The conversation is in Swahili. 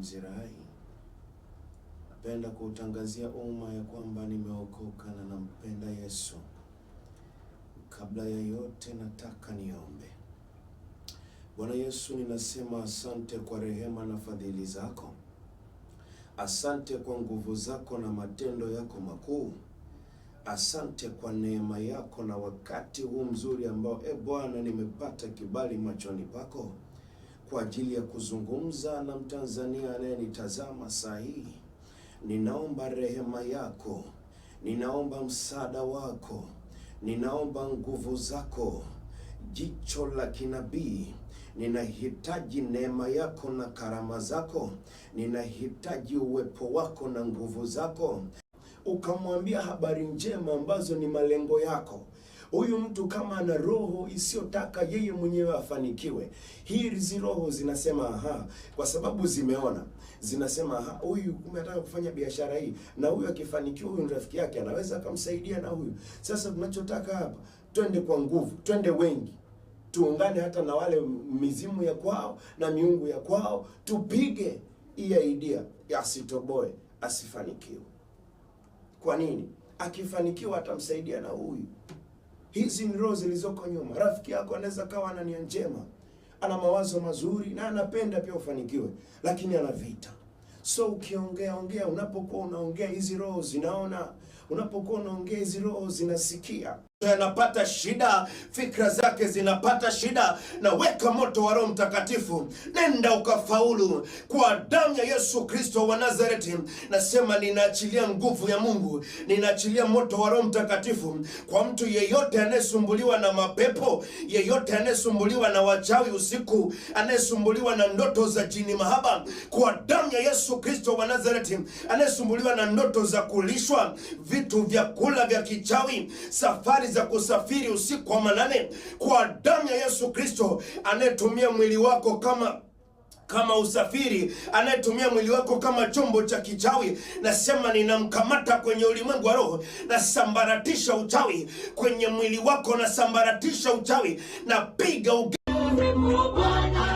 Mzirai, napenda kuutangazia umma ya kwamba nimeokoka na nampenda Yesu. Kabla ya yote, nataka niombe. Bwana Yesu, ninasema asante kwa rehema na fadhili zako, asante kwa nguvu zako na matendo yako makuu, asante kwa neema yako na wakati huu mzuri ambao, e Bwana, nimepata kibali machoni pako kwa ajili ya kuzungumza na Mtanzania anayenitazama saa hii. Ninaomba rehema yako, ninaomba msaada wako, ninaomba nguvu zako, jicho la kinabii Ninahitaji neema yako na karama zako, ninahitaji uwepo wako na nguvu zako, ukamwambia habari njema ambazo ni malengo yako. Huyu mtu kama ana roho isiyotaka yeye mwenyewe afanikiwe, hizi roho zinasema aha, kwa sababu zimeona, zinasema aha, huyu kumbe anataka kufanya biashara hii, na huyu akifanikiwa, huyu rafiki yake anaweza akamsaidia na huyu. Sasa tunachotaka hapa, twende kwa nguvu, twende wengi tuungane hata na wale mizimu ya kwao na miungu ya kwao, tupige hii idea ya asitoboe, asifanikiwe. Kwa nini? Akifanikiwa atamsaidia na huyu. Hizi ni roho zilizoko nyuma. Rafiki yako anaweza kawa ana nia njema, ana mawazo mazuri na anapenda pia ufanikiwe, lakini ana vita. So ukiongea ongea, unapokuwa unaongea hizi roho zinaona, unapokuwa unaongea hizi roho zinasikia yanapata shida, fikra zake zinapata shida, na weka moto wa Roho Mtakatifu, nenda ukafaulu. Kwa damu ya Yesu Kristo wa Nazareti, nasema ninaachilia nguvu ya Mungu, ninaachilia moto wa Roho Mtakatifu kwa mtu yeyote anayesumbuliwa na mapepo, yeyote anayesumbuliwa na wachawi usiku, anayesumbuliwa na ndoto za jini mahaba, kwa damu ya Yesu Kristo wa Nazareti, anayesumbuliwa na ndoto za kulishwa vitu vya kula vya kichawi, safari za kusafiri usiku wa manane kwa damu ya Yesu Kristo anayetumia mwili wako kama kama usafiri, anayetumia mwili wako kama chombo cha kichawi, nasema ninamkamata kwenye ulimwengu wa roho, nasambaratisha uchawi kwenye mwili wako, nasambaratisha uchawi, napiga uga